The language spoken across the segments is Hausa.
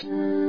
Christ.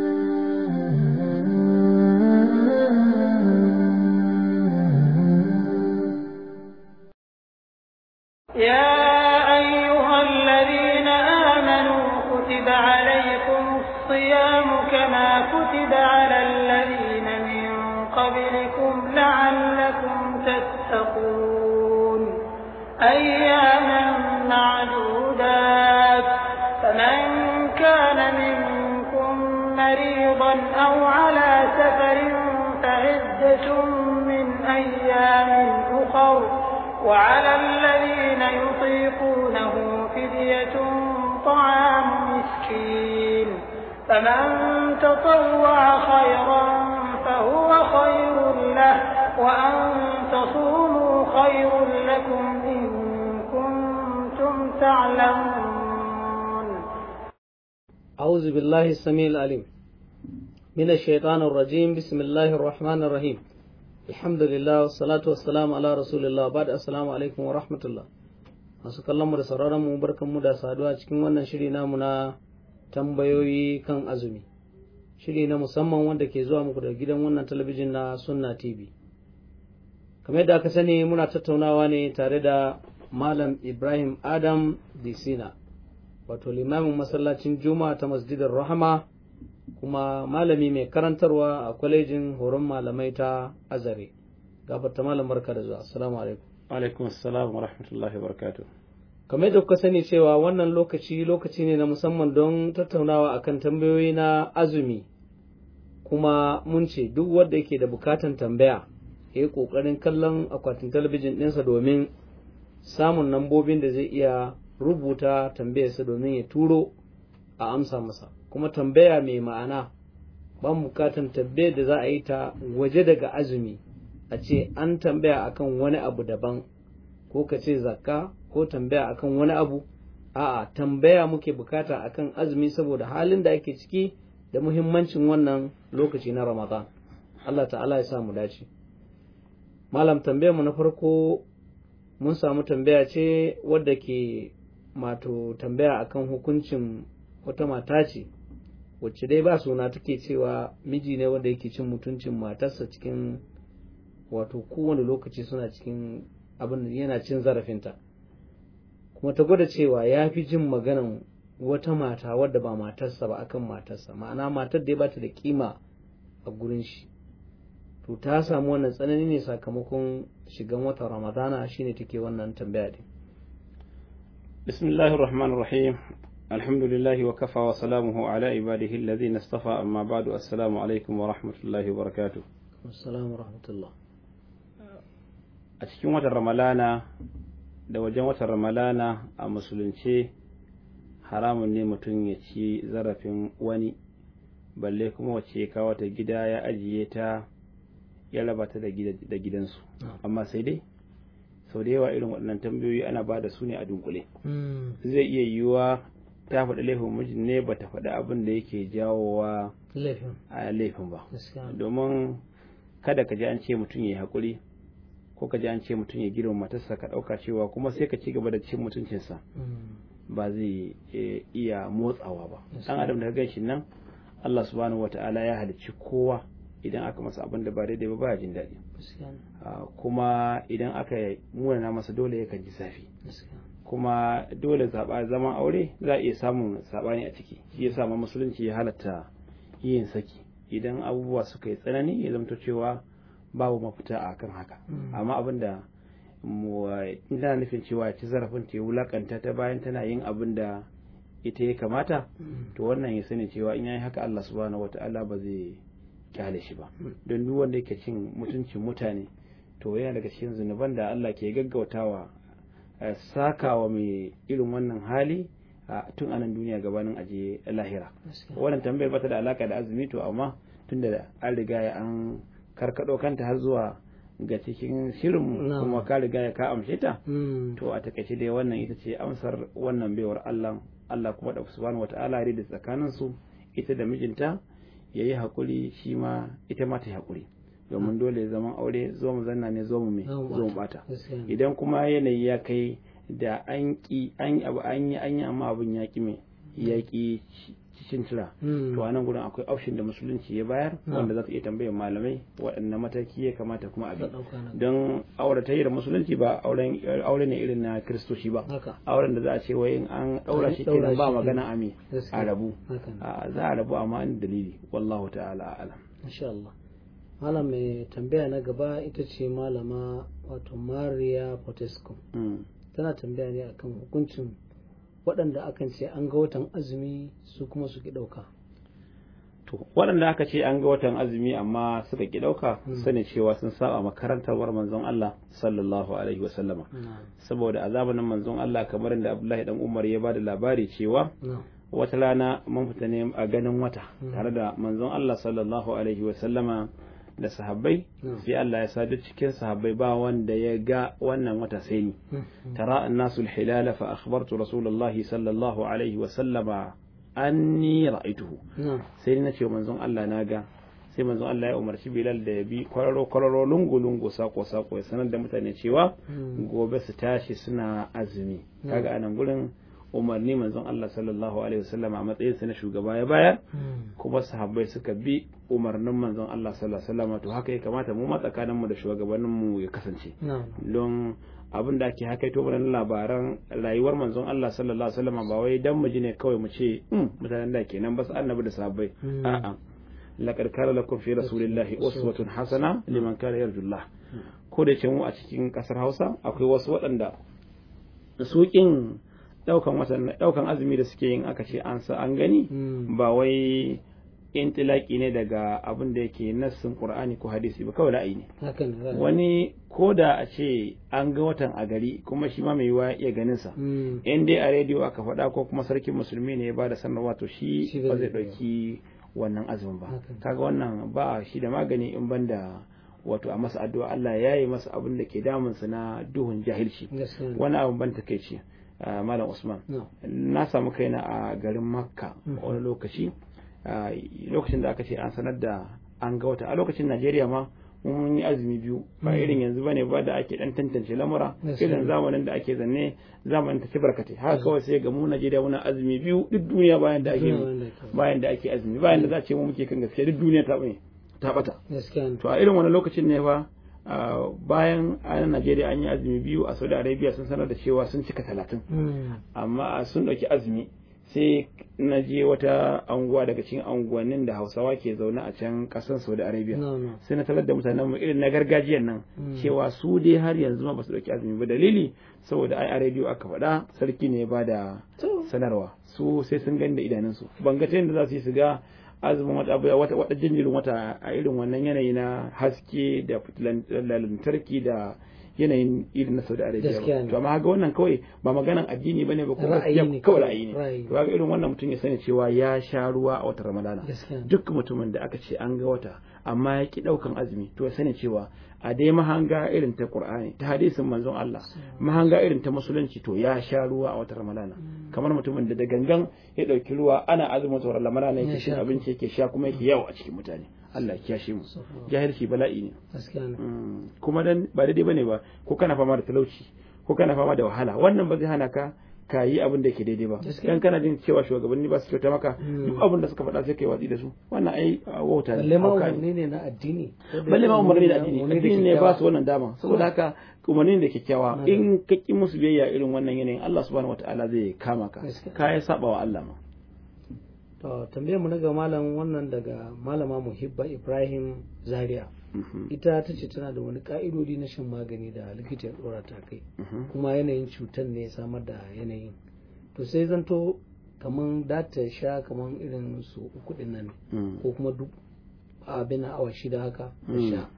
تعلمون أعوذ بالله السميع العليم من الشيطان الرجيم بسم الله الرحمن الرحيم الحمد لله والصلاة والسلام على رسول الله بعد السلام عليكم ورحمة الله masu da sauraronmu barkanmu da saduwa cikin wannan shiri namu na tambayoyi kan azumi shiri na musamman wanda ke zuwa muku da gidan wannan talabijin na sunna tv kamar yadda aka sani muna tattaunawa ne tare da malam ibrahim adam disina wato limamin masallacin juma'a ta masjidar rahama kuma malami mai karantarwa a kwalejin horon malamai ta azare gafarta malam barka da zuwa assalamu alaikum alaikum assalam wa rahmatullahi wa barakatu. kamar yadda kuka sani cewa wannan lokaci lokaci ne na musamman don tattaunawa a kan tambayoyi na azumi kuma mun ce duk wanda yake da bukatan tambaya ya yi ƙoƙarin kallon akwatin talabijin ɗinsa domin samun nambobin da zai iya rubuta tambayarsa domin ya turo a amsa masa kuma tambaya mai ma'ana ban bukatan tambayar da za a yi ta waje daga azumi a ce an tambaya akan wani abu daban ko ka ce zakka ko tambaya akan wani abu a'a tambaya muke bukata akan azumi saboda halin da ake ciki da muhimmancin wannan lokaci na ramadan Allah ta'ala ya sa mu dace malam tambayar mu na farko mun samu tambaya ce wadda ke mato tambaya akan hukuncin wata mata ce wacce dai ba suna take cewa miji ne wanda yake cin mutuncin matarsa cikin wato kowane lokaci suna cikin abin yana cin zarafinta kuma ta gwada cewa ya fi jin maganan wata mata wadda ba matarsa ba akan matarsa ma'ana matar da ya bata da kima a gurin shi to ta samu wannan tsanani ne sakamakon shigan watan ramadana shine take wannan tambaya din bismillahir rahmanir rahim alhamdulillahi wa kafa wa salamuhu ala ibadihi alladhina istafa amma ba'du assalamu alaikum wa rahmatullahi wa barakatuh assalamu rahmatullah a cikin watan ramalana da wajen watan ramalana a musulunce haramun ne mutum ya ci zarafin wani balle kuma wace kawo ta gida ya ajiye ta ya raba ta da gidansu ah. amma sai dai sau da yawa irin waɗannan tambayoyi ana ba da su ne a dunkule hmm. zai iya yiwuwa ta faɗi laifin mijin ne ba ta faɗi abin da yake jawowa a laifin ba domin kada ka ji an ce mutum ya yi haƙuri ko ka ji an ce mutum ya girma matarsa ka ɗauka cewa kuma sai ka ci gaba da cin mutuncinsa hmm. ba zai e, iya motsawa ba ɗan adam da gan shi nan Allah subhanahu wata'ala ya halicci kowa idan aka masa abin da ba daidai ba ba jin daɗi ah, kuma idan aka munana masa dole yakan ji zafi kuma dole zaɓa zaman aure za a iya samun saɓani a ciki shi ya ma musulunci ya halatta yin saki idan abubuwa suka yi tsanani ya zamto cewa babu mafita a kan haka mm. amma abin da tana nufin cewa ci zarafin ta wulakanta ta bayan tana yin abin da ita ya kamata mm. to wannan ya sani cewa in yayi haka Allah subhanahu wataala ba zai kyale shi ba hmm. don duk wanda yake cin mutuncin mutane to yana daga cikin zunuban da Allah ke gaggautawa sakawa mai irin wannan hali tun anan duniya gabanin aje lahira wannan tambayar bata da alaka da azumi to amma tun da an riga an karkado kanta har zuwa ga cikin shirin kuma ka riga ka amshe ta hmm. to a takaice dai wannan ita ce amsar wannan baiwar Allah Allah kuma da subhanahu wataala da tsakanin su ita da mijinta ya yi haƙuri shi ma ita ma ta yi haƙuri domin mm. dole zaman aure zo mu zanna ne zo mu me zo mu bata idan kuma yanayi ya kai da an ki an abu yi amma abin ya ki me ya ki cikin cira hmm. to a nan gudun akwai option da musulunci ya bayar hmm. wanda za ta iya tambayar malamai waɗanne mataki ya kamata kuma a bi don da musulunci ba auren aure ne irin na kristoci ba auren da za a ce wai an ɗaura shi kenan ba magana ami a rabu za a rabu amma an dalili wallahu ta'ala alam insha Allah malam mai tambaya na gaba ita ce malama wato Maria Potesco hmm. tana tambaya ne akan hukuncin waɗanda akan ce an ga watan azumi su kuma su ki ɗauka to waɗanda aka ce an ga watan azumi amma suka ki ɗauka hmm. sani cewa sun saba makarantar war manzon Allah sallallahu alaihi wa sallama hmm. saboda zamanin manzon Allah kamar da Abdullahi ɗan Umar ya ba da labari cewa hmm. wata rana mun fita ne a ganin wata tare da manzon Allah sallallahu alaihi wa da sahabbai hmm. sai Allah ya sa duk cikin sahabbai ba wanda ya ga wannan wata sai ni hmm. Hmm. tara annasul hilala fa akhbartu rasulullahi sallallahu alaihi wa sallama anni ra'aytuhu sai ni nace manzon Allah na ga sai manzon Allah ya umarci Bilal da ya bi kwararo kwararo lungu lungu sako sako ya sanar da mutane cewa gobe su tashi suna azumi kaga anan gurin umarni manzon Allah sallallahu alaihi wasallam a matsayinsa na shugaba ya bayar hmm. kuma sahabbai suka bi umarnin manzon Allah sallallahu alaihi wasallam to haka ya kamata mu matsakanin mu da shugabannin mu ya kasance don abin da ake haka to wannan labaran rayuwar manzon Allah sallallahu alaihi wasallam ba wai dan mu ji ne kawai mu ce hmm, mutanen da kenan ba su annabi da sahabbai hmm. a'a laqad kana lakum fi rasulillahi uswatun hasana liman kana yarjullah ko da ce mu a cikin kasar Hausa akwai wasu waɗanda su daukan daukan azumi da suke yin aka ce an sa an gani hmm. ba wai intilaki ne daga abin da yake nassin qur'ani ko hadisi ba kawai ra'ayi ne wani ko da a ce an ga watan a gari kuma shi ma mai yiwa iya ganin sa hmm. in dai a rediyo aka faɗa ko kuma sarkin musulmi ne ya bada sanarwa to shi ba zai ɗauki wannan azumin ba kaga wannan ba shi da magani in banda wato a masa addu'a Allah ya yi masa abin da ke damunsa na duhun jahilci wani abin ban takeici malam usman na samu kaina a garin makka wani lokaci lokacin da aka ce an sanar da an ga wata a lokacin najeriya ma mun yi azumi biyu ba irin yanzu bane ba da ake dan tantance lamura irin zamanin da ake zanne zamanin ta ci barkatai haka kawai sai ga mu Najeriya muna azumi biyu duk duniya bayan da ake bayan da ake azumi bayan da za a ce mu muke kan gaskiya duk duniya ta bata to a irin wani lokacin ne ba. Ah, bayan a Najeriya an yi azumi biyu a Saudi Arabia sun sanar da cewa sun cika talatin hmm. amma sun ɗauki azumi sai na je wata anguwa daga cikin anguwannin da hausawa ke zaune a can ƙasar Saudi Arabia sai na talar da mutanen mu irin na gargajiyan nan hmm. cewa su dai har yanzu ma ba su ɗauki azumi ba dalili saboda ai a rediyo aka faɗa sarki ne ba da sanarwa su sai sun gani da idanunsu ban ga ta yadda za su yi su ga azumin wata wata wata jinjirin wata a irin wannan yanayi na haske da lantarki da yanayin irin na Saudi Arabia to amma ga wannan kawai ba maganan addini bane ba kuma kawai ra'ayi ne to ga irin wannan mutum ya sani cewa ya sha ruwa a wata Ramadana duk mutumin da aka ce an ga wata amma ya ki daukan azumi to ya sani cewa a dai mahanga irin ta Qur'ani ta hadisin manzon Allah mahanga irin ta musulunci to ya sha ruwa a wata Ramadana mm. kamar mutumin da da gangan ya ɗauki ruwa ana azumin sauran lamara ne yake abinci yake sha kuma yake yawo a cikin mutane Allah ya kiyashe mu jahilci bala'i ne mm. kuma dan ba daidai bane ba ko kana fama da talauci ko kana fama da wahala wannan ba zai hana ka ka yi abin da ke daidai ba kan kana jin cewa shugabanni ba su kyauta maka hmm. duk abin da suka faɗa sai kai watsi da su wannan ai wauta ne balle umarni ne na addini balle ma umarni da addini addini ne ba su wannan dama saboda haka umarni da kyakkyawa hmm. in ka ki musu biyayya irin wannan yanayin Allah subhanahu wataala zai kama ka ka ya saba wa Allah ma to tambayar mu na ga malam wannan daga malama muhibba Ibrahim Zaria ita ta ce tana da wani ka'idodi na shan magani da likita ya dora ta kai kuma yanayin cutar ne ya samar da yanayin to sai zanto kaman data sha kaman irin su uku din nan ko kuma duk abin awa shida haka Ya sha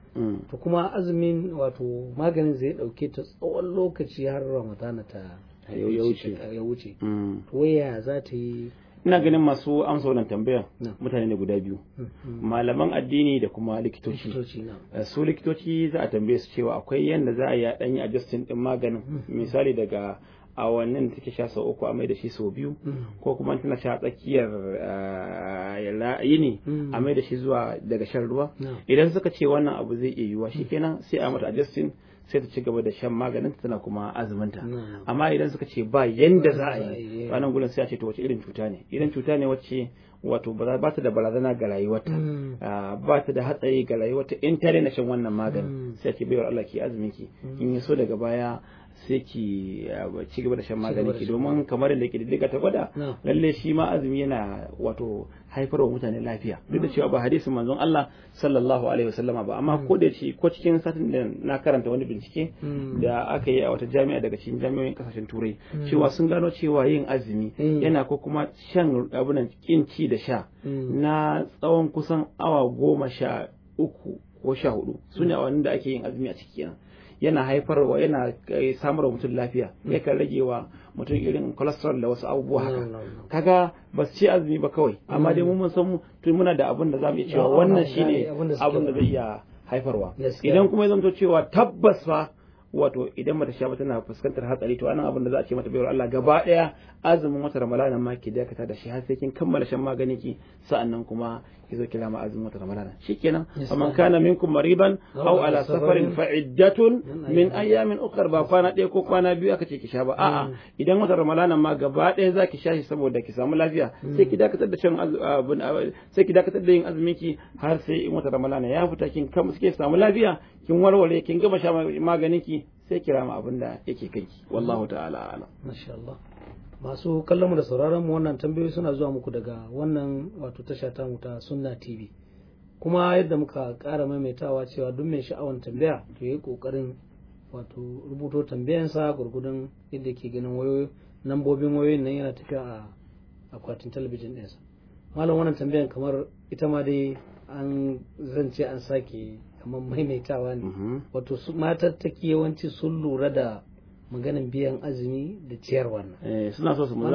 to kuma azumin wato maganin zai dauke ta tsawon lokaci har ramadana ta ya wuce mm. to waya za ta yi ina ganin masu amsa wannan tambaya mutane ne guda biyu mm, mm. malaman addini da kuma likitoci eh, su likitoci za a tambaye su cewa akwai yadda za a yi ɗanyi justin ɗin maganin mm, misali daga awannin da take sha sau uku a mai da shi sau biyu ko kuma tana sha tsakiyar eh, yini a mai da shi zuwa daga shan ruwa idan suka ce wannan abu zai iya yiwuwa shikenan sai a mata adjustin sai ta ci gaba da shan maganin tana kuma azuminta amma idan suka ce ba yanda za a yi ranar gudun sai a ce to wace irin cuta ne idan cuta ne wacce wato ba ta da barazana ga rayuwarta mm. ah, ba ta da hatsari ga rayuwarta in ta daina shan wannan magani mm. sai a ce baiwar Allah ki azumin ki mm. in yi so daga baya sai ki ah, ci gaba da shan magani ki domin kamar da kididdiga ta gwada lalle shi ma azumi yana wato haifarwa mutane lafiya duk da cewa ba hadisin manzon Allah sallallahu alaihi wasallama ba amma hmm. ko da ce ko cikin satin da na karanta wani bincike hmm. da aka yi a wata jami'a daga cikin jami'o'in kasashen turai hmm. cewa sun gano cewa yin azumi yana ko kuma shan abunan kin ci da sha na tsawon kusan awa goma sha uku ko sha hudu su ne a da ake yin azumi a ciki kenan yana haifarwa yana eh, samar mutum lafiya mm. yakan rage wa mutum irin cholesterol da wasu abubuwa haka mm, mm, kaga ba su ce azumi ba kawai amma dai mun san tun muna da abin da zamu iya cewa wannan shine abin da zai iya haifarwa idan kuma ya zanto cewa tabbas fa wato idan mata sha tana fuskantar hatsari to anan abin da za a ce mata bayar Allah gaba daya azumin wata ramadana ma ki dakata da shi har sai kin kammala shan maganin ki sa'annan kuma kizo kila ma azumin wata ramadana shikenan amma kana minkum mariban au ala safarin fa iddatun min ayyamin ukhra ba kwana ɗaya ko kwana biyu aka ce ki sha ba a'a mm. idan wata ramadana ma gaba ɗaya zaki sha shi saboda ki samu lafiya mm. sai ki dakatar da shan sai ki dakatar da yin azumin ki har sai in wata ramadana ya fita kin kam suke samu lafiya kin warware kin gama sha maganin ki sai kira ma abin da yake kanki wallahu ta'ala a'lam masha Allah masu kallon mu da sauraron mu wannan tambayoyi suna zuwa muku daga wannan wato tasha ta mu ta sunna tv kuma yadda muka kara maimaitawa cewa duk mai sha'awan tambaya to yi ƙoƙarin wato rubuto tambayansa gurgudun yadda ke ganin wayoyi lambobin wayoyin nan yana tafiya a akwatin talabijin ɗinsa malam wannan tambayan kamar ita ma dai an zance an sake kamar maimaitawa ne mm-hmm. wato matar take yawanci sun lura da maganin biyan azumi da ciyar wannan eh suna so su mu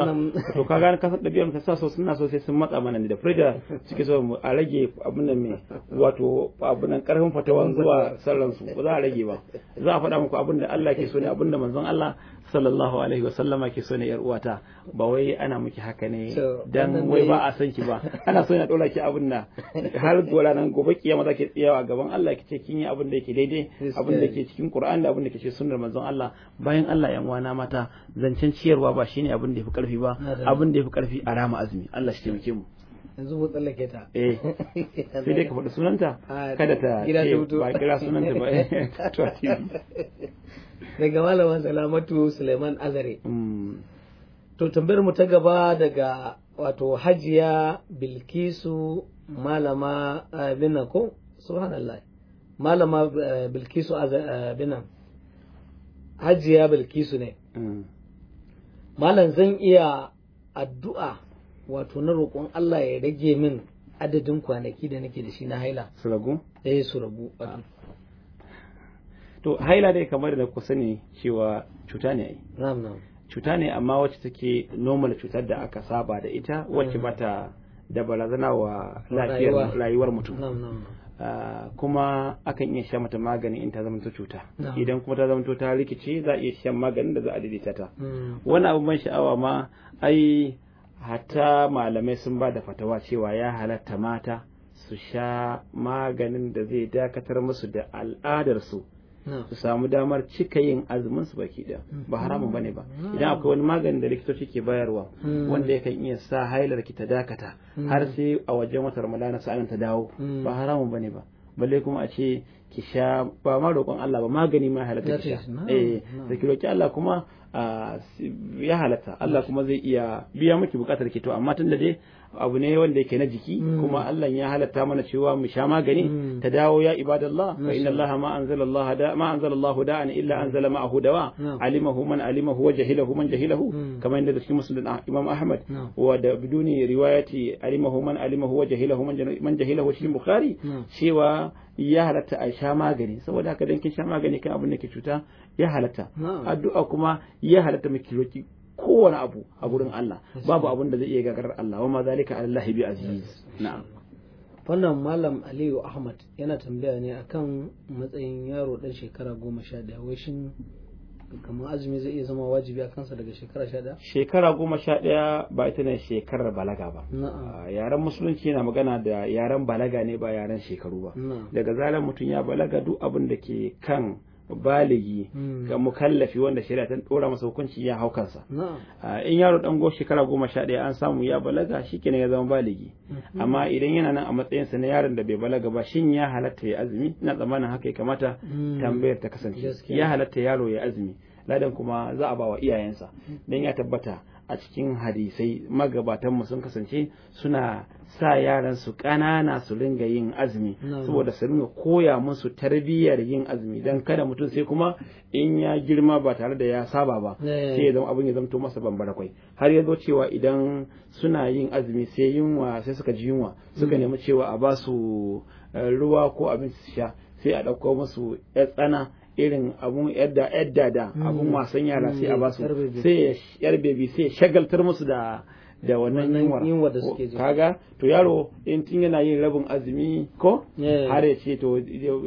to ka ka da biyan ka suna so suna so sai sun matsa mana da frida cike so mu a rage abin nan me wato abin nan karfin fatawan zuwa sallan su ba za a rage ba za a faɗa muku abin da Allah ke so ne abin da manzon Allah sallallahu alaihi wa sallama ke so ne yar uwata ba wai ana miki haka ne dan wai ba a san ki ba ana so ya dora ki abin nan har gora nan gobe kiyama zaki tsayawa gaban Allah ki ce kin yi abin da yake daidai abin da ke cikin Qur'ani da abin da ke cikin sunnar manzon Allah bayan Allah yan uwana mata zancen ciyarwa ba shine abin da yafi karfi ba abin da yafi karfi a rama azumi Allah shi taimake mu yanzu mu tsallake ta eh, sai dai ka faɗi sunanta ah, kada ta ce ba kira sunanta ba to daga malaman salamatu suleiman azare mm. to tambayar mu ta gaba daga wato hajiya bilkisu malama eh, binan ko subhanallah malama eh, bilkisu binan hajiya bilkisu ne mm. malam zan iya addu'a wato na roƙon Allah ya rage min adadin kwanaki da nake da shi na haila Suragu. eh suragu. Ah. to haila dai kamar da ku sani cewa cuta ne ai Ram, cuta ne amma wacce take normal cutar da aka saba da ita wacce hmm. bata da barazana wa lafiyar rayuwar mutum ah, kuma akan iya sha mata magani in ta zamanto cuta idan kuma ta zamanto ta rikice za a iya shan maganin da za a daidaita ta hmm. wani abu ban sha'awa ma ai hatta malamai sun ba da fatawa cewa ya halatta mata su sha maganin da zai dakatar musu da al'adarsu su samu damar cika yin azumin su baki da ba haramun bane ba idan akwai wani maganin da likitoci ke bayarwa hmm. wanda yakan iya sa hailar ki ta dakata hmm. har sai a wajen wata ramadana sa'an ta dawo hmm. ba haramun bane ba balle kuma a ce ki sha ba ma roƙon Allah ba magani ma halatta ki sha eh da ki roki Allah kuma ya halatta Allah kuma zai iya biya miki bukatar ke to amma tun da dai abu ne wanda yake na jiki mm. kuma Allah ya halatta mana cewa mu sha magani mm. ta dawo ya ibadallah fa inna Allah ma anzala Allah da ma anzala Allah an illa anzala ahu dawa alimahu man alimahu wa jahilahu man jahilahu mm. kamar da cikin muslim Imam Ahmad wa da biduni riwayati alimahu man alimahu wa jahilahu man jahilahu cikin Bukhari cewa ya halatta a sha magani saboda haka dan kin sha magani kan abin da ke cuta ya halatta addu'a kuma ya halatta miki roki kowane abu a gurin Allah babu abun da zai iya gagarar Allah wa ma zalika alallahi bi aziz na'am wannan malam Aliyu Ahmad yana tambaya ne akan matsayin yaro dan shekara goma sha daya wai shin kamar azumi zai iya zama wajibi a kansa daga shekara sha daya. Shekara goma sha ɗaya ba ita ne shekarar balaga ba. Ah, yaren musulunci yana magana da yaren balaga ne ba yaren shekaru ba. Daga zarar mutum ya balaga duk abin da ke kan baligi hmm. ga mukallafi wanda shari'a ta dora masa hukunci ya hau kansa in yaro dan go shekara goma sha ɗaya an samu ya balaga shikenan ya zama baligi hmm. amma idan yana nan a matsayinsa na yaron da bai balaga ba shin ya halatta ya azumi ina tsammanin haka ya kamata hmm. tambayar ta kasance ya halatta yaro ya azumi ladan kuma za a ba wa iyayensa don ya tabbata a cikin hadisai magabatanmu sun kasance suna sa yaran su ƙanana su ringa yin azumi saboda su ringa koya musu tarbiyyar yin azumi dan kada mutum sai kuma in ya girma ba tare da ya saba ba sai ya zama abin ya zamto masa bambara kwai har ya zo cewa idan suna yin azumi sai yunwa sai suka ji yunwa suka mm. nemi cewa a ba su eh, ruwa ko abinci su sha sai a ɗauko musu tsana irin abun yadda yadda da abun mm. wasan yara sai a mm. basu sai yar bebi sai shagaltar musu da da wannan yinwar kaga to yaro in tun yana yin rabin azumi ko har ya ce to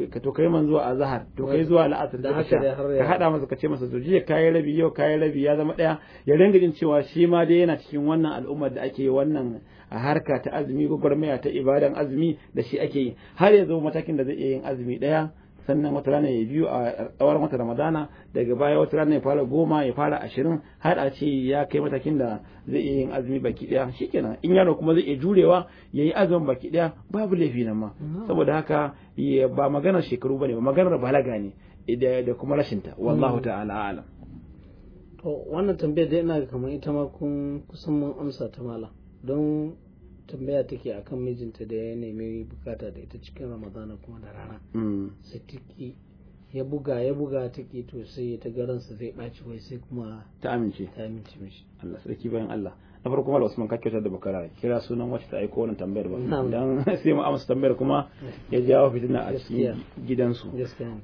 ka to kai man zuwa azhar to kai zuwa la'asar da haka ka hada masa ka ce masa to jiya kai rabi yau kai rabi ya zama daya ya ringa jin cewa shi ma dai yana cikin wannan al'ummar da ake wannan a harka ta azumi gwagwarmaya ta ibadan azumi da shi ake yi har ya zo matakin da zai iya yin azumi daya sannan wata rana ya biyu a tsawar wata ramadana daga baya wata rana ya fara goma ya fara ashirin har a ce ya kai matakin da zai iya yin azumi baki daya shikenan in yaro kuma zai iya jurewa ya yi azumin baki daya babu laifi nan ma mm-hmm. saboda haka ba maganar shekaru bane ba maganar balaga ne da kuma rashinta wallahu mm-hmm. ta'ala alam to wannan tambayar da ina ga kamar ita ma kun kusan mun amsa ta mala don tambaya take akan mijinta da ya nemi bukata da ita cikin ramadana kuma da rana mm. sai take ya buga ya buga ta to sai ta garansa zai ɓaci wai sai kuma ta amince ta amince mishi Allah sarki bayan Allah na farko kuma Usman ka kyautar da bakara kira sunan wacce ta aiko wannan tambayar ba dan sai mu amsa tambayar kuma ya jawo fitina a cikin gidansu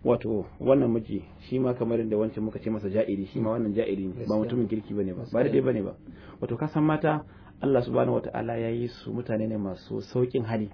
wato wannan miji shi ma kamar da wancan muka ce masa ja'iri shi ma wannan ja'iri ne ba mutumin kirki bane ba ba dai bane ba wato ka san mata Allah subhanahu ya yi su mutane ne masu saukin hali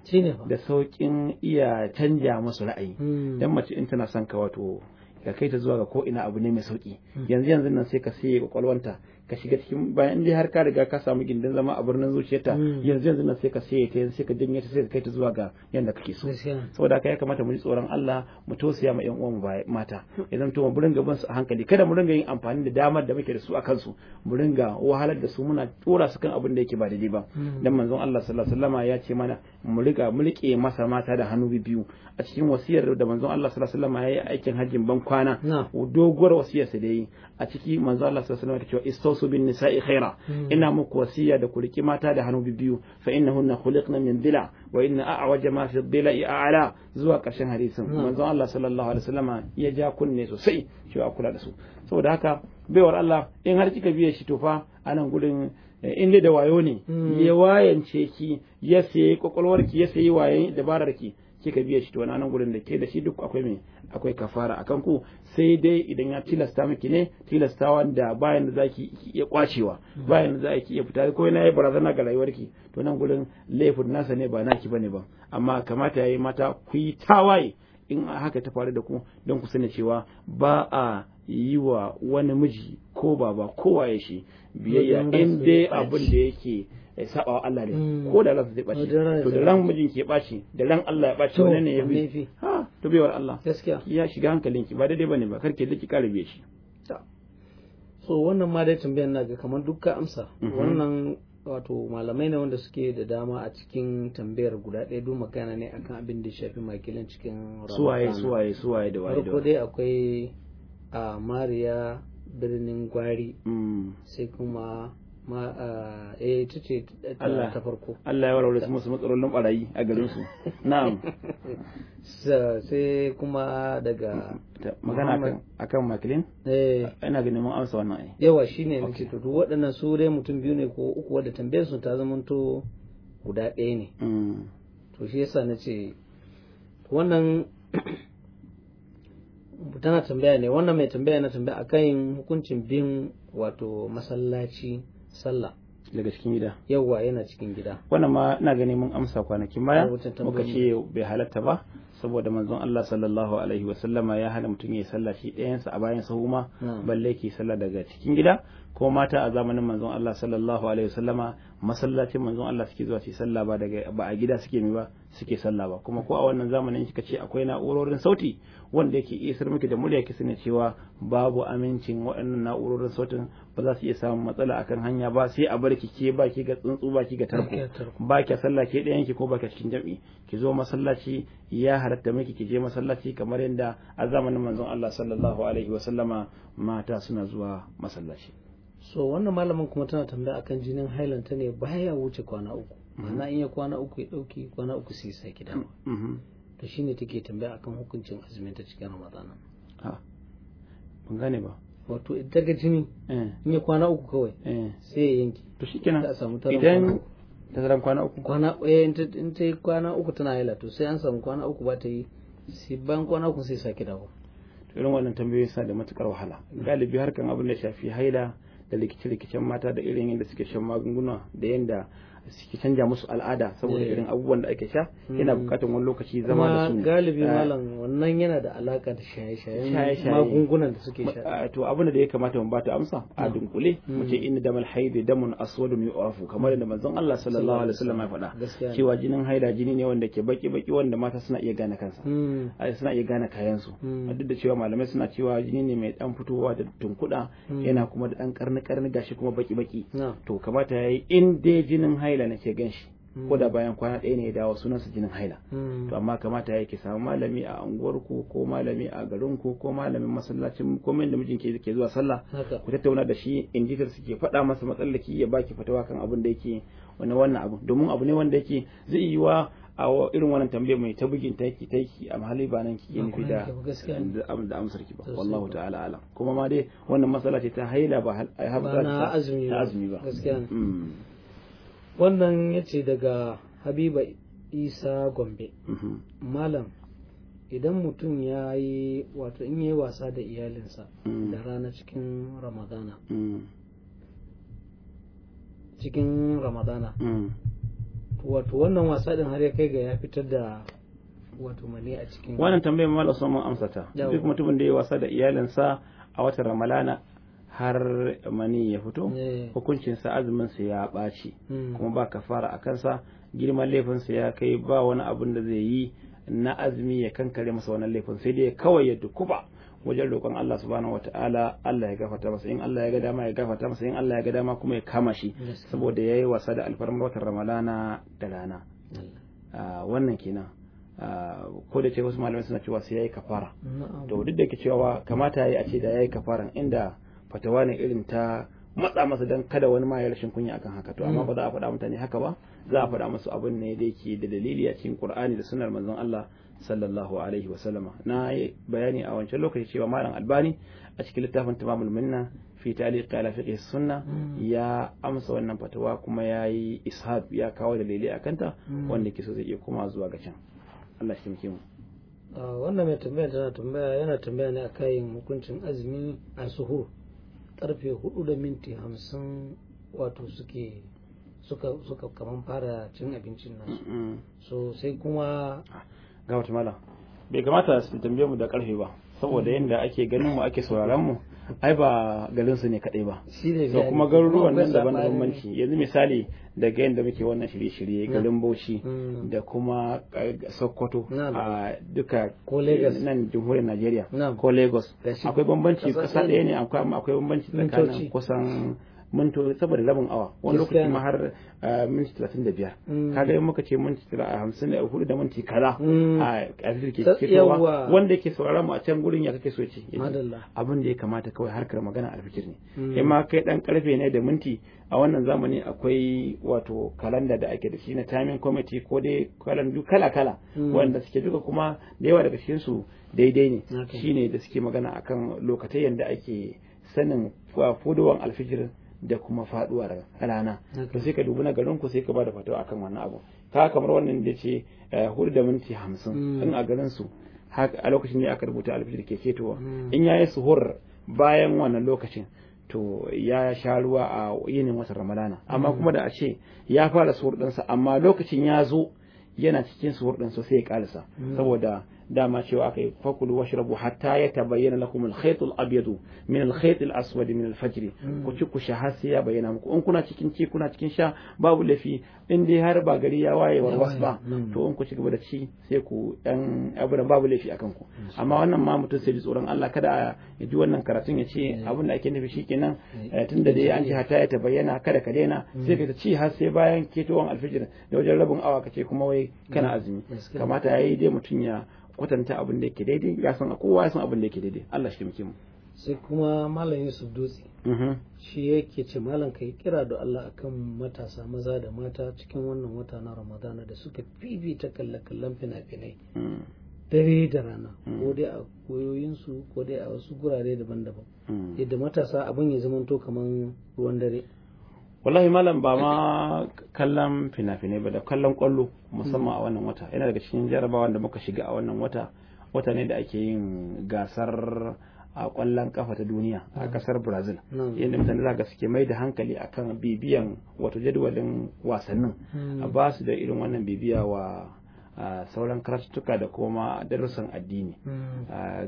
da saukin iya canja masu ra'ayi hmm. dan mace in tana son ka wato ka kai ta zuwa ga ko ina abu ne mai sauki hmm. yanzu yanzu nan sai ka sai kwakwalwanta ka shiga cikin bayan dai har ka riga ka samu gindin zama a birnin zuciyarta hmm. yanzu yanzu nan sai ka sai ta yanzu sai ka janye ta sai ka kai ta zuwa ga yanda kake so saboda ka ya kamata mu ji tsoron Allah mu tosiya ma ƴan uwanmu mata idan to mu ringa bin su a hankali kada mu ringa yin amfani da damar da muke da su a kansu mu ringa wahalar da su muna tura su kan abin da yake ba daidai ba hmm. dan manzon Allah sallallahu alaihi wasallama ya ce mana mu riga mu rike masa mata da hannu biyu a cikin wasiyar da manzon Allah sallallahu alaihi wasallama ya yi aikin hajjin ban kwana doguwar wasiyarsa da yi a ciki manzon Allah sallallahu alaihi wasallama ya ce awsu bin nisa'i khaira ina muku wasiya da kulki mata da hannu biyu fa innahunna khuliqna min dhila wa inna a'waja ma fi dhila a'la zuwa ƙarshen hadisin manzon Allah sallallahu alaihi wasallama ya ja kunne sosai cewa kula da su saboda haka baiwar Allah in har kika biye shi tufa anan gurin in dai da wayo ne ya wayance ki ya sayi kwakwalwarki ya sayi wayan dabararki kika biya shi to wani nan gurin da ke da shi duk akwai me akwai kafara akan ku sai dai idan ya tilasta miki ne tilastawa da bayan da zaki iya kwacewa bayan da zaki iya fita ko yana yi barazana ga rayuwarki to nan gurin laifin nasa ne ba naki bane ba amma kamata yayi mata ku yi tawaye in haka ta faru da ku don ku sani cewa ba a yi wa wani miji ko baba kowa ya shi biyayya in dai abin da yake sabawa Allah ne mm. ko da ransa zai bace to da ran mijin ke bace da ran Allah ya bace wannan ne ya bi ha to bewar Allah gaskiya ya shiga hankalinki ba daidai bane ba karke da ki biye shi so wannan ma dai tambayar na ga kamar dukkan amsa mhm. wannan wato malamai ne wanda suke da dama a cikin tambayar guda ɗaya duk magana ne akan abin da shafi makilin cikin suwaye suwaye suwaye da waye farko dai akwai a mariya birnin gwari mm. sai kuma Eh, eh ita ce ta farko Allah ya warware su musu matsalolin barayi a garin su na'am sai kuma daga magana akan makilin eh ina ganin mun amsa wannan ai yawa shine nake to duk waɗannan su dai mutum biyu ne ko uku wadda tambayar su ta zama to guda ɗaya ne mm. to shi yasa nace wannan tana tambaya ne wannan mai tambaya na tambaya akan hukuncin bin wato masallaci sallah daga cikin gida yawwa yana cikin gida wannan ma ina gani mun amsa kwanakin baya muka ce bai halatta ba saboda manzon Allah sallallahu alaihi wa sallama ya hana mutum ya sallah shi ɗayansa a bayan sahu ma hmm. balle ke sallah daga cikin gida ko mata a zamanin manzon Allah sallallahu alaihi wasallama masallacin manzon Allah suke zuwa su sallah ba daga ba a gida suke mi ba suke sallah ba kuma ko a wannan zamanin kika ce akwai na'urorin sauti wanda yake isar miki da murya ki sani cewa babu amincin waɗannan na'urorin sautin ba za su iya samun matsala akan hanya ba sai a barki ke ba ki ga tsuntsu baki ga tarko ba ki sallah ke ɗayan ki ko ba a cikin jam'i ki zo masallaci ya halatta miki ki je masallaci kamar yadda a zamanin manzon Allah sallallahu alaihi wasallama mata suna zuwa masallaci so wannan malamin kuma tana tambaya akan jinin hailan ta ne baya wuce kwana uku mm-hmm. ma'ana in ya kwana uku ya dauki kwana uku sai sake dama mm-hmm. to shine take tambaya akan hukuncin azumin ta cikin ramadana a ban gane ba wato daga jini eh. in ya kwana uku kawai eh. sai ya yanke to shikenan a samu tarin idan tazaran kwana uku kwana eh in ta yi kwana uku tana haila to sai an samu kwana uku ba ta yi sai ban kwana uku sai sa gida dawo to irin wannan tambayoyi sa da matukar wahala galibi harkan abin da shafi haila da rikice-rikicen mata da irin yadda suke shan magunguna da yadda suke canja musu al'ada saboda eh. irin abubuwan da ake sha hmm. yana bukatar wani lokaci zama da su galibi eh. malam wannan yana da alaka da shaye shaye magungunan da suke sha to abin da ya kamata mu bata amsa a hmm. dunkule mu ce hmm. inna damal haidi damun aswadun yu'afu kamar da manzon Allah sallallahu alaihi wasallam ya faɗa cewa jinin haida jini ne wanda ke baki baki wanda mata suna iya gane kansa suna iya gane kayan su duk da cewa malamai suna cewa jini ne mai dan fitowa da tunkuda yana kuma da dan karni karni gashi kuma baki baki to kamata yayi in dai jinin haila nake gan shi hmm. ko da bayan kwana ɗaya ne ya dawo sa jinin haila hmm. to amma kamata ya samu malami a unguwarku ko malami a garinku ko malamin masallacin ko mai da mijin ke zuwa sallah ku tattauna da shi in ji suke faɗa masa matsalaki ya baki fatawa kan abin da yake wani wannan abu domin abu ne wanda yake zai yi wa a irin wannan tambayar mai ta bugin taiki taiki a mahalli ba nan kike nufi da da amsar ki ba wallahu ta'ala alam kuma ma dai wannan matsala ce ta haila ba ta azumi ba gaskiya wannan ya ce daga habiba isa gombe mhm. malam idan mutum ya yi wato in yi wasa da iyalinsa mm. da rana cikin ramadana mm. cikin ramadana mm. wato wannan wasa din har ya kai ga ya fitar da wato mani a cikin wannan tambayar mal usman amsata duk mutumin da ya yi wasa da iyalinsa a watan ramadana har mani ya fito eh. hukuncinsa azuminsa ya ɓaci hmm. kuma ba ka fara a kansa girman laifinsa ya kai ba wani abin da zai yi na azumi ya kankare masa wannan laifin sai dai kawai ya dukuba wajen roƙon Allah subhanahu wataala Allah ya gafarta masa in Allah ya ga dama ya gafarta masa in Allah ya ga dama kuma ya kama shi saboda yayi wasa da alfarmar watan Ramadana da rana hmm. ah, wannan kenan ah, ko da ce wasu malamai suna cewa sai yayi kafara to duk da ke cewa kamata yayi a ce da yayi kafaran inda fatawa ne irin ta matsa masa don kada wani ma ya rashin kunya akan haka to amma mm. ba za a faɗa mutane haka ba za a faɗa musu abin ne da yake da dalili a cikin Qur'ani da sunnar manzon Allah sallallahu alaihi wa sallama na bayani a wancan lokaci cewa malam albani a cikin littafin tamamul minna fi taliq ala fiqh sunna mm. ya amsa wannan fatawa kuma yayi ishab ya kawo dalili a kanta mm. wanda ke zai iya kuma zuwa ga can Allah shi mu ah, wannan mai tambaya tana tambaya yana tambaya ne akan hukuncin azumi a suhur karfe hudu da minti hamsin wato suke suka suka kaman fara cin abincin nan so sai kuma ah, ga mutumala bai kamata su tambaye mu da karfe ba saboda yadda ake ganin mu ake sauraron mu ai ba garin su ne kadai ba to kuma garuruwan nan daban da bambanci yanzu misali daga yadda muke wannan shirye-shirye garin Bauchi mm. da kuma eh, Sokoto a duka nan jamhuriyar Najeriya ko Lagos akwai bambanci kasa ɗaya ne akwai bambanci tsakanin kusan minto saboda rabin awa wani lokaci ma har eh, minti talatin da biyar mm. kaga in muka ce minti hamsin da hudu da minti kaza mm. a ƙarfi ke fitowa wanda yake saurara mu a can gurin ya kake so ce abin da ya kamata kawai harkar magana alfijir ne mm. in ma kai dan karfe ne da minti a wannan zamani akwai wato kalanda da ake da shi na timing committee ko dai kalandu kala kala wanda suke duka kuma da yawa daga cikin su daidai ne shine da suke magana akan lokacin yanda ake sanin ah, fodowan alfijirin. da kuma faduwar rana to sai ka dubi na garin ku sai ka bada fatawa akan wannan abu ka kamar wannan da ce eh, hudu da minti hamsin hmm. in a garin su a lokacin ne aka rubuta alfijir ke fetowa hmm. in ya yi suhur bayan wannan lokacin to ya sha ruwa a yinin watan ramadana amma hmm. kuma da a ce ya fara suhur ɗinsa amma lokacin ya zo yana cikin suhur ɗinsa sai ya ƙarisa saboda dama cewa aka yi fakulu washrabu hatta ya tabayyana lakum al-khayt al-abyad min al-khayt min al mm. ku ci ku sha har sai ya bayyana muku in kuna cikin ci kuna cikin sha babu lafi in dai har ba gari ya waye warwas ba to in ku ci gaba da ci sai ku dan abu babu lafi akan ku amma wannan ma mutum sai ji tsoron Allah kada ya ji wannan karatun ya ce eh. abin da ake nufi shikenan eh. eh, tunda dai an ji hatta ya tabayyana kada ka daina mm. sai ka ci har sai bayan ketowan alfijir da wajen rabin awa kace kuma wai kana mm. azumi kamata yayi dai mutum ya kwatanta abin da yake daidai ya san kowa ya san abin da yake daidai Allah shi muke mu sai kuma malam Yusuf Dutse mm-hmm. shi yake ce malam kai kira da Allah akan matasa maza da mata cikin wannan wata na Ramadana da suka fifita kallakallan fina-finai mm. dare da rana mm. ko dai a koyoyinsu ko dai a wasu gurare daban-daban mm. yadda matasa abin ya zamanto kamar ruwan dare wallahi malam ba ma kallon fina-finai ba da kallon kwallo musamman a wannan wata yana daga cikin jarabawan da muka shiga a wannan wata wata ne da ake yin gasar a kwallon kafa ta duniya a mm. kasar brazil mm. yadda mutane za ga suke mai da hankali akan bibiyan wato jadawalin wasannin mm. a ba su da irin wannan bibiya wa sauran karatuttuka da kuma darussan addini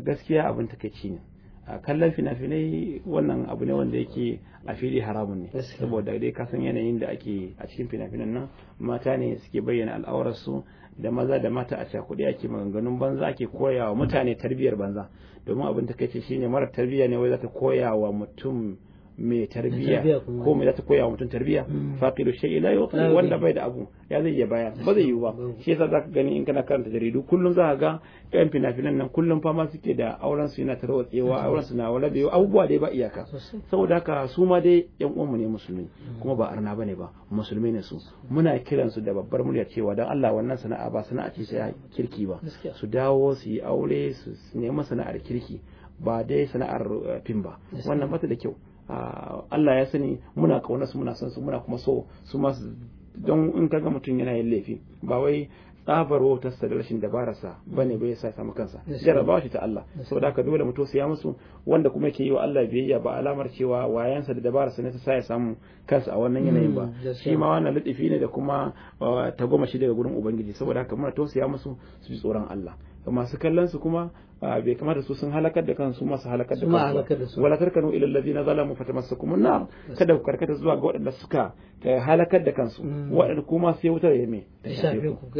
gaskiya abin takaici ne kallon fina-finai wannan abu ne wanda yake a fili haramun ne saboda dai ka san yanayin da ake a cikin fina-finan nan mata ne suke bayyana al'aurarsu da maza da mata a cakuɗe ake maganganun banza ake koyawa mutane tarbiyyar banza domin abin ta shine mara tarbiyya ne wai za ta koya wa mutum mai tarbiyya ko mai zata koya mutum tarbiyya mm. faqidu shay'i la yuqi wanda bai da abu ya zai iya baya ba zai yiwu ba shi yasa zaka gani in kana karanta jaridu kullum zaka ga yan fina-finan nan kullum fama suke da auren su yana tarwatsewa auren su na wala da abubuwa dai ba iyaka saboda haka su ma dai yan mu ne musulmi mm. kuma ba arna bane ba musulmi ne su muna kiran su da babbar murya cewa dan Allah wannan sana'a ba sana'a ce sai kirki ba su dawo su yi aure su nema sana'ar kirki ba dai sana'ar eh, fim ba wannan bata da kyau Ah, Allah ya sani muna kaunar su muna son su muna kuma so su masu don in kaga mutum yana yin laifi ba wai tsabar wautarsa da rashin dabararsa ba ne bai sa samu kansa jarabawa shi ta Allah saboda haka dole mu siya musu wanda kuma ke yi wa Allah biyayya ba alamar cewa wayansa da dabararsa ne ta sa ya samu kansa a wannan yanayin ba mm, shi ma wannan lutsifi ne da kuma ah, shi daga gurin ubangiji saboda haka muna tosiya musu su ji tsoron Allah masu kallon su kuma bai kamata su sun halakar da kansu masu halakar da kansu wala tarkanu ila allazina zalamu fatamassakum an-nar kada ku karkata zuwa ga waɗanda suka eh, halakar da kansu mm. waɗanda kuma sai wutar ya me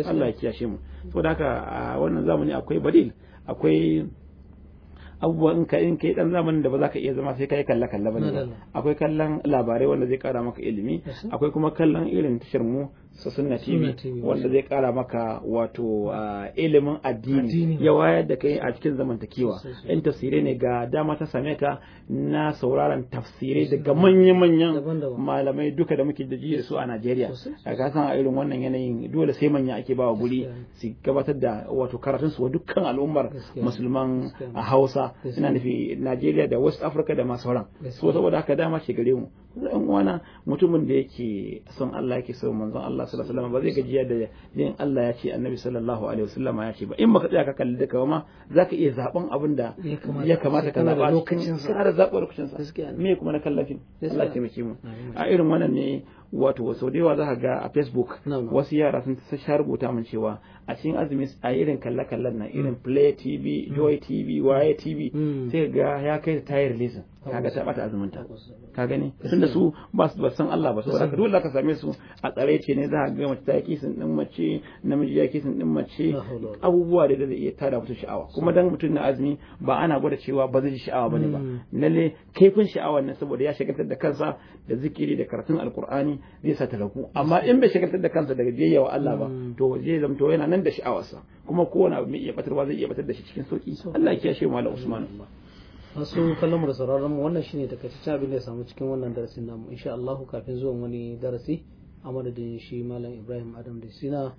Allah ya kiyashe mu saboda haka a wannan zamani akwai badil akwai abubuwan in ka in kai dan zamanin da ba za ka iya zama sai kai kalla kalla bane akwai kallon labarai wanda zai kara maka ilimi akwai kuma kallon irin tashar mu su sunna tv wanda eh. zai kara maka wato ah, ilimin addini ya wayar da kai a cikin zamantakewa in tafsirai ne ga dama ta same ka na sauraron tafsirai daga manya-manyan malamai duka da muke da da su a najeriya a kasan a irin wannan yanayin dole sai manya ake bawa guri su gabatar da wato karatun su wa dukkan al'ummar musulman hausa ina nufi najeriya da west africa da ma sauran so saboda haka dama ce gare mu zan uwana mutumin da yake son Allah yake son manzon Allah sallallahu alaihi wasallam ba zai gajiya da yin Allah ya ce annabi sallallahu alaihi wasallam ya ce ba in baka tsaya ka kalli da ba ma zaka iya zaben abin da ya kamata ka zaba lokacin sa har zaba lokacin sa me kuma na kallafin Allah ya taimake mu a irin wannan ne wato sau da yawa za ka ga a facebook wasu yara sun sha rubuta min cewa a cikin azumi a irin kalle-kallen nan mm. irin play tv mm. joy tv waye tv mm. sai ga ya kai ta tayar release kaga ta bata azumin ta ka gani da su ba su ba san Allah ba su da dole ka same su a tsare ce ne za ka ga mace ta yi sun din mace namiji ya kisin din mace abubuwa da zai iya tada mutum sha'awa kuma dan mutum na azumi ba ana gwada cewa ba zai ji sha'awa bane ba lalle kaifin sha'awar ne saboda ya shagaltar da kansa da zikiri da karatun alkur'ani imani zai sa ta ragu amma in bai shagaltar da kansa daga biyayya wa Allah ba mm. to zai to yana nan da sha'awarsa kuma kowane abu mai iya batarwa zai iya batar da shi cikin sauki Allah ya kiyashe malam Usman wasu kallon da sauraron wannan shine takaitaccen abin da ya samu cikin wannan darasin namu insha Allah kafin zuwan wani darasi a madadin shi malam Ibrahim Adam da Sina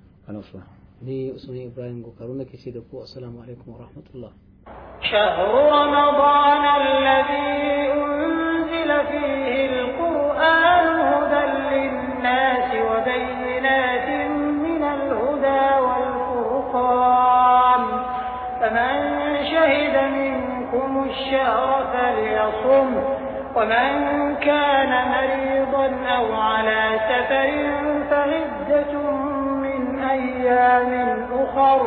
ni Usman Ibrahim Gokaru nake ce da ku assalamu alaikum wa rahmatullah شهر رمضان الذي أنزل فيه الناس وبينات من الهدى والفرقان فمن شهد منكم الشهر فليصم ومن كان مريضا أو على سفر فعدة من أيام أخر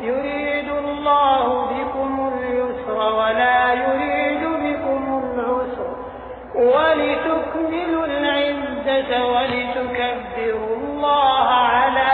يريد الله بكم اليسر ولا يريد بكم العسر ولتكملوا العلم المحدث ولتكبروا الله على